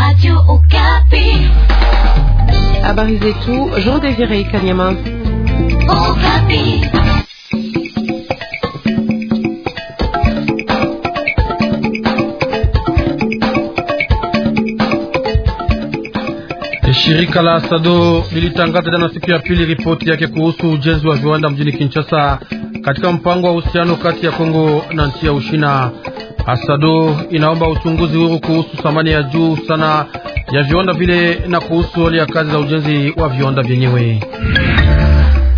Radio Okapi. Habari zetu Jean Desire Kanyama. Okapi. Shirika la Sado lilitangaza jana siku ya pili ripoti yake kuhusu ujenzi wa viwanda mjini Kinshasa katika mpango wa uhusiano kati ya Kongo na nchi ya Ushina. Asado inaomba uchunguzi huru kuhusu thamani ya juu sana ya viwanda vile na kuhusu hali ya kazi za ujenzi wa viwanda vyenyewe.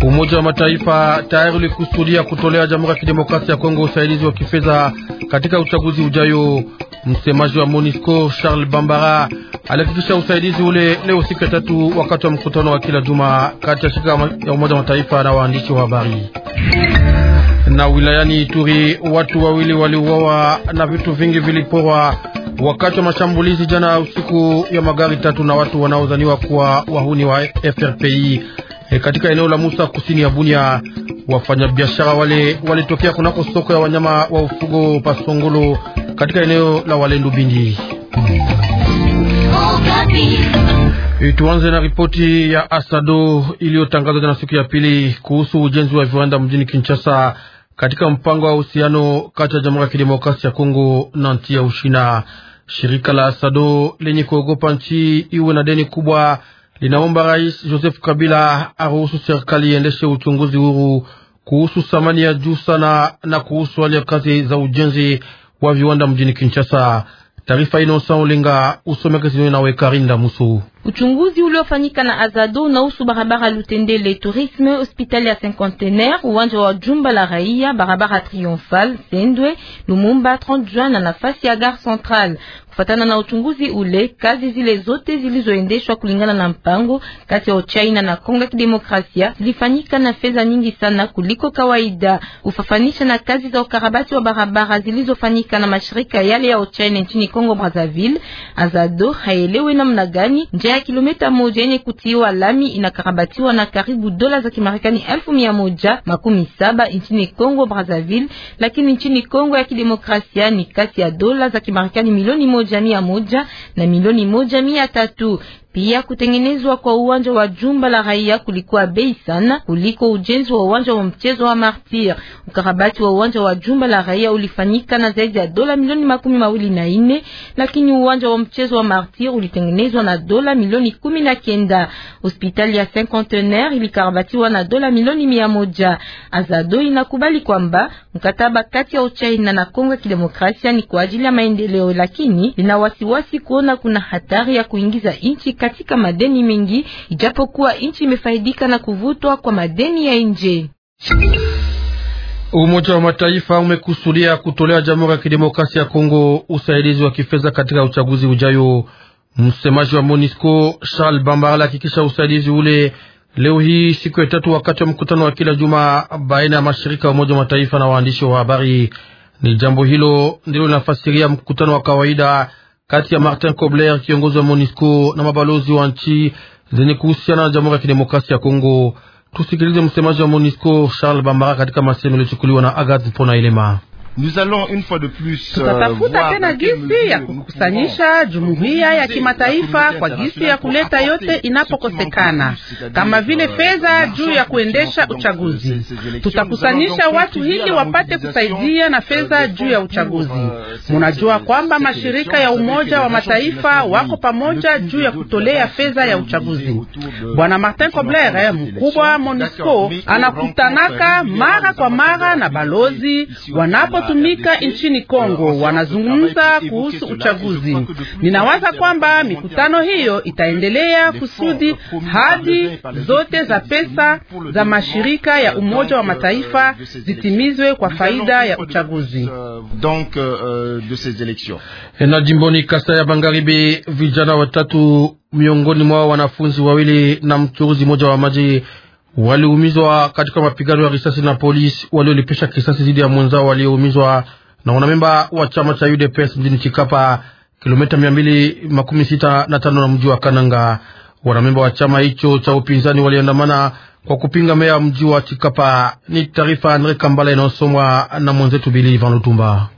Umoja wa Mataifa tayari ulikusudia kutolea Jamhuri ya Kidemokrasia ya Kongo usaidizi wa kifedha katika uchaguzi ujayo. Msemaji wa MONUSCO Charles Bambara alihakikisha usaidizi ule leo siku ya tatu wakati wa mkutano wa kila juma kati ya shirika ya Umoja wa Mataifa na waandishi wa habari. Na wilayani Ituri watu wawili waliuawa na vitu vingi viliporwa wakati wa mashambulizi jana usiku ya magari tatu na watu wanaodhaniwa kuwa wahuni wa FRPI e, katika eneo la Musa kusini ya Bunia. Wafanyabiashara wale walitokea kunako soko ya wanyama wa ufugo Pasongolo katika eneo la Walendu Bindi. Tuanze na ripoti ya Asado iliyotangazwa jana siku ya pili kuhusu ujenzi wa viwanda mjini Kinshasa katika mpango wa uhusiano kati ya Jamhuri ya Kidemokrasia ya Kongo na nchi ya Ushina. Shirika la Asado lenye kuogopa nchi iwe na deni kubwa linaomba Rais Joseph Kabila aruhusu serikali iendeshe uchunguzi huru kuhusu thamani ya juu sana na kuhusu hali ya kazi za ujenzi wa viwanda mjini Kinshasa. Taarifa Inosa Ulinga nawe Karinda Musu. Uchunguzi uliofanyika na Azado unahusu barabara Lutendele Tourisme, hospitali ya Cinquantenaire, uwanja wa jumba la raia, barabara Triomphal Sendwe Lumumba 30 Juin na nafasi ya Gare Centrale. Kufatana na uchunguzi ule, kazi zile zote zilizoendeshwa kulingana na mpango kati ya Uchina na Kongo ya Kidemokrasia zilifanyika na fedha nyingi sana kuliko kawaida, kufafanisha na kazi za ukarabati wa barabara zilizofanyika na mashirika yale ya Uchina nchini Kongo Brazzaville. Azado haelewi namna gani ya kilomita moja yenye kutiwa lami inakarabatiwa na karibu dola za Kimarekani elfu mia moja makumi saba nchini Kongo Brazzaville, lakini nchini Kongo ya Kidemokrasia ni kati ya dola za Kimarekani milioni moja mia moja na milioni moja mia tatu. Pia kutengenezwa kwa uwanja wa jumba la raia kulikuwa bei sana kuliko ujenzi wa uwanja wa mchezo wa Martir. Ukarabati wa uwanja wa jumba la raia ulifanyika na zaidi ya dola milioni makumi mawili na ine, lakini uwanja wa mchezo wa Martir ulitengenezwa na dola milioni kumi na kenda. Hospitali ya Cinquantenaire ilikarabatiwa na dola milioni mia moja. Azado inakubali kwamba mkataba kati ya Uchina na Kongo ya Kidemokrasia ni kwa ajili ya maendeleo, lakini lina wasiwasi kuona kuna hatari ya kuingiza nchi katika madeni mengi, ijapokuwa nchi imefaidika na kuvutwa kwa madeni ya nje. Umoja wa Mataifa umekusudia kutolea Jamhuri ya Kidemokrasia ya Kongo usaidizi wa kifedha katika uchaguzi ujayo. Msemaji wa MONUSCO Charles Bambara alihakikisha usaidizi ule leo hii siku ya tatu, wakati wa mkutano wa kila juma baina ya mashirika ya Umoja wa Mataifa na waandishi wa habari. Ni jambo hilo ndilo linafasiria mkutano wa kawaida kati ya Martin Kobler, kiongozi wa MONUSCO na mabalozi wa nchi zenye kuhusiana na Jamhuri ya Kidemokrasia ya Kongo. Tusikilize msemaji wa MONUSCO Charles Bambara katika masemo yaliyochukuliwa na Agathe Mpona Elema. Euh, Tutatafuta tena gisi ya kukusanyisha jumuiya ya kimataifa kwa gisi ya kuleta yote inapokosekana, kama vile fedha euh, juu ya kuendesha uchaguzi. Tutakusanyisha watu hili wapate kusaidia na fedha juu ya uchaguzi. Munajua kwamba mashirika ya Umoja wa Mataifa wako pamoja juu ya kutolea fedha ya uchaguzi. Bwana Martin Kobler, mkubwa wa MONUSCO, anakutanaka mara kwa mara na balozi wanapotumika nchini Kongo, wanazungumza kuhusu uchaguzi. Ninawaza kwamba mikutano hiyo itaendelea kusudi hadi zote za pesa za mashirika ya Umoja wa Mataifa zitimizwe kwa faida ya uchaguzi. Donc, euh, de ces élections. Na jimboni Kasai ya Bangaribi, vijana watatu miongoni mwa wanafunzi wawili na mchuruzi moja wa maji waliumizwa katika mapigano ya risasi na polisi waliolipisha kisasi dhidi ya mwenzao walioumizwa na wanamemba wa chama cha UDPS mjini Chikapa, kilomita mia mbili makumi sita na tano na mji wa Kananga. Wanamemba wa chama hicho cha upinzani waliandamana kwa kupinga meya mji wa Chikapa. Ni taarifa Andre Kambala inayosomwa na mwenzetu Bili Van Lutumba.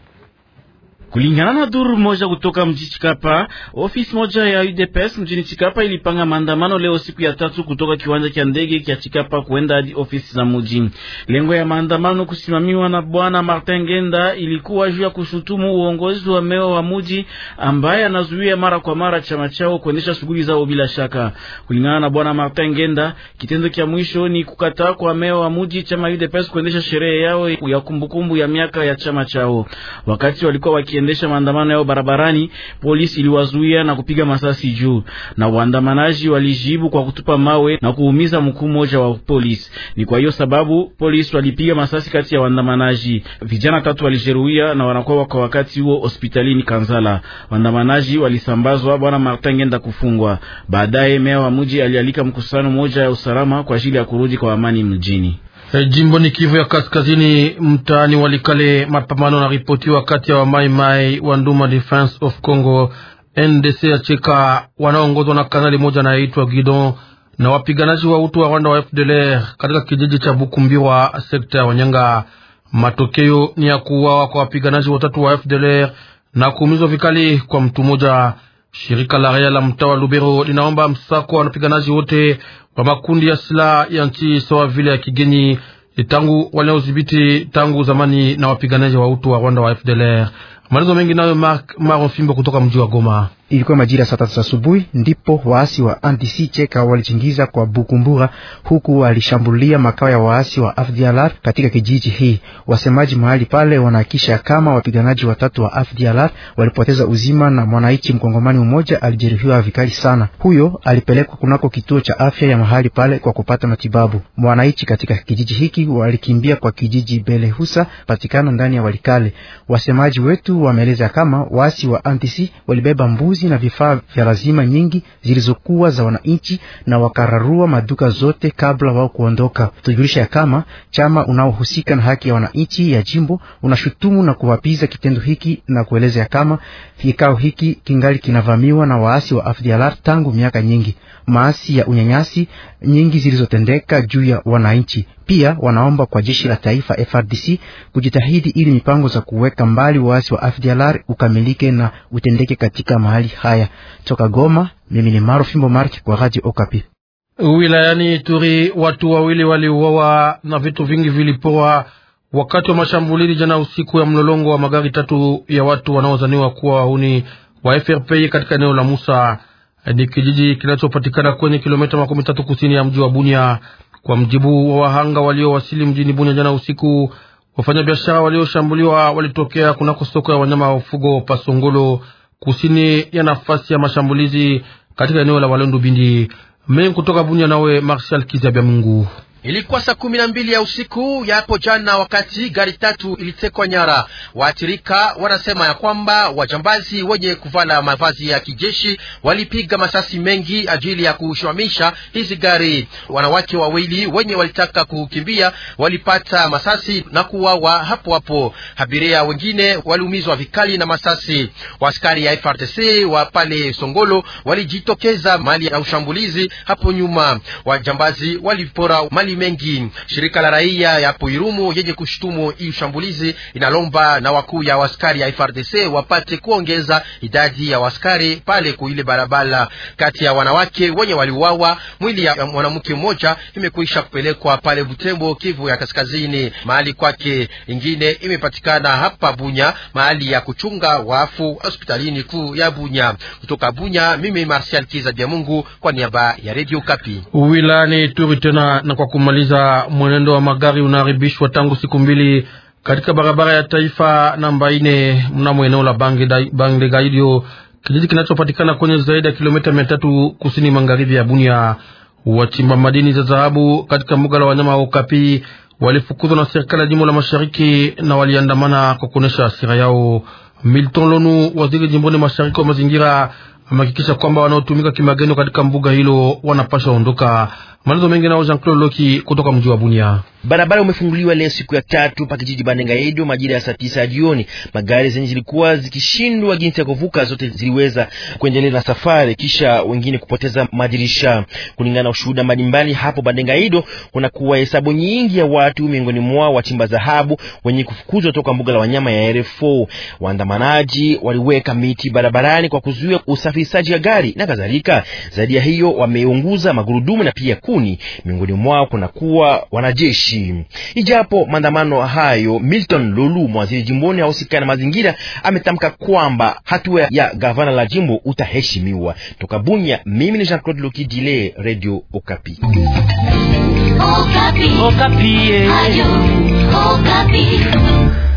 Kulingana na duru moja kutoka mji Chikapa, ofisi moja ya UDPS mjini Chikapa ilipanga maandamano leo siku ya tatu kutoka kiwanja cha ndege cha Chikapa kuenda hadi ofisi za mji. Lengo ya maandamano kusimamiwa na bwana Martin Genda ilikuwa juu ya kushutumu uongozi wa meya wa mji ambaye anazuia mara kwa mara chama chao kuendesha shughuli zao bila shaka. Kulingana na bwana Martin Genda, kitendo cha mwisho ni kukataa kwa meya wa mji chama UDPS kuendesha sherehe yao ya kumbukumbu ya miaka ya chama chao. Wakati walikuwa waki wakiendesha maandamano yao barabarani, polisi iliwazuia na kupiga masasi juu, na waandamanaji walijibu kwa kutupa mawe na kuumiza mkuu mmoja wa polisi. Ni kwa hiyo sababu polisi walipiga masasi kati ya waandamanaji. Vijana tatu walijeruhiwa na wanakuwa kwa wakati huo hospitalini Kanzala. Waandamanaji walisambazwa bwana Martin Ngenda kufungwa. Baadaye meya wa mji alialika mkusano mmoja ya usalama kwa ajili ya kurudi kwa amani mjini. Eh, Jimboni Kivu ya Kaskazini, mtaani Walikale, mapambano ripoti wakati ya wamaimai wa Nduma Defense of Congo NDC ya Cheka wanaongozwa na kanali moja anayeitwa Gidon na wapiganaji wa utu wa Rwanda wa FDLR katika kijiji cha Bukumbirwa, sekta ya Wanyanga. Matokeo ni ya kuuawa kwa wapiganaji watatu wa FDLR na kuumizwa vikali kwa mtu mmoja. Shirika la raia la mtaa wa Lubero linaomba msako wa wapiganaji wote wa makundi ya silaha ya nchi sawa vile ya kigeni tangu waliodhibiti tangu zamani na wapiganaji wa utu wa Rwanda wa FDLR. Maelezo mengi nayo Mark Maro Fimbo kutoka mji wa Goma. Ilikuwa majira saa tatu asubuhi ndipo waasi wa NDC Cheka walichingiza kwa Bukumbura, huku walishambulia makao ya waasi wa FDLR katika kijiji hii. Wasemaji mahali pale wanahakisha kama wapiganaji watatu wa FDLR walipoteza uzima na mwananchi mkongomani mmoja alijeruhiwa vikali sana. Huyo alipelekwa kunako kituo cha afya ya mahali pale kwa kupata matibabu. Mwananchi katika kijiji hiki walikimbia kwa kijiji Belehusa patikana ndani ya Walikale. Wasemaji wetu wameeleza kama waasi wa NDC walibeba mbuzi mavazi na vifaa vya lazima nyingi zilizokuwa za wananchi na wakararua maduka zote kabla wao kuondoka. Tujulisha ya kama chama unaohusika na haki ya wananchi ya jimbo unashutumu na kuwapiza kitendo hiki na kueleza ya kama kikao hiki kingali kinavamiwa na waasi wa FDLR tangu miaka nyingi. Maasi ya unyanyasi nyingi zilizotendeka juu ya wananchi pia wanaomba kwa jeshi la taifa FRDC kujitahidi ili mipango za kuweka mbali waasi wa FDLR ukamilike na utendeke katika mahali haya. Toka Goma, mimi ni Maro Fimbo Mark kwa Radio Okapi. Wilayani Ituri watu wawili waliuawa na vitu vingi vilipoa wakati wa mashambulizi jana usiku ya mlolongo wa magari tatu ya watu wanaozaniwa kuwa wahuni wa FRPI katika eneo la Musa, ni kijiji kinachopatikana kwenye kilomita makumi tatu kusini ya mji wa Bunia. Kwa mjibu wa wahanga waliowasili mjini Bunya jana usiku, wafanyabiashara walioshambuliwa walitokea kunako soko ya wanyama wa ufugo Pasongolo, kusini ya nafasi ya mashambulizi katika eneo la Walundu Bindi. Mengi kutoka Bunya, nawe Marshal Kizabya Mungu. Ilikuwa saa kumi na mbili ya usiku ya hapo jana, wakati gari tatu ilitekwa nyara. Waathirika wanasema ya kwamba wajambazi wenye kuvala mavazi ya kijeshi walipiga masasi mengi ajili ya kushwamisha hizi gari. Wanawake wawili wenye walitaka kukimbia walipata masasi na kuwawa hapo hapo. Abiria wengine waliumizwa vikali na masasi. Waskari ya FRDC wa pale Songolo walijitokeza mali ya ushambulizi hapo nyuma. Wajambazi walipora mali maswali mengi. Shirika la raia ya Poirumu yenye kushtumu hii ushambulizi inalomba na wakuu ya waskari ya FRDC wapate kuongeza idadi ya waskari pale kuile barabara. Kati ya wanawake wenye waliuawa, mwili ya mwanamke mmoja imekwisha kupelekwa pale Butembo, Kivu ya kaskazini mahali kwake, ingine imepatikana hapa Bunya mahali ya kuchunga wafu hospitalini kuu ya Bunya. Kutoka Bunya, mimi Martial Kiza Mungu kwa niaba ya Radio Kapi wilani Turi tena na kwa kumaliza mwenendo wa magari unaharibishwa tangu siku mbili katika barabara ya taifa namba ine mnamo eneo la Bange Gaidio, kijiji kinachopatikana kwenye zaidi ya kilomita mia tatu kusini magharibi ya Bunia. Wachimba madini za dhahabu katika mbuga la wanyama wa Ukapi walifukuzwa na serikali ya jimbo la mashariki na waliandamana kwa kuonyesha hasira yao. Milton Lonu, waziri jimboni mashariki wa mazingira, amehakikisha kwamba wanaotumika kimagendo katika mbuga hilo wanapasha ondoka. Maelezo mengi nao Jean Claude Loki kutoka mji wa Bunia. Barabara umefunguliwa leo siku ya tatu pa kijiji Edo majira ya saa tisa ya jioni. Magari zenye zilikuwa zikishindwa jinsi ya kuvuka zote ziliweza kuendelea na safari, kisha wengine kupoteza madirisha. Kulingana na ushuhuda mbalimbali, hapo Edo, kuna kuwa hesabu nyingi ya watu, miongoni mwao wachimba dhahabu wenye kufukuzwa toka mbuga la wanyama ya RFO. Waandamanaji waliweka miti barabarani kwa kuzuia usafirishaji ya gari na kadhalika. Zaidi ya hiyo, wameunguza magurudumu na pia ku makuni, miongoni mwao kunakuwa wanajeshi. Ijapo maandamano hayo, Milton Lulu, mwaziri jimboni ahusika na mazingira, ametamka kwamba hatua ya gavana la jimbo utaheshimiwa. Toka Bunya, mimi ni Jean-Claude Lukidile, Radio Okapi. Okapi. Okapi. Eh. Okapi.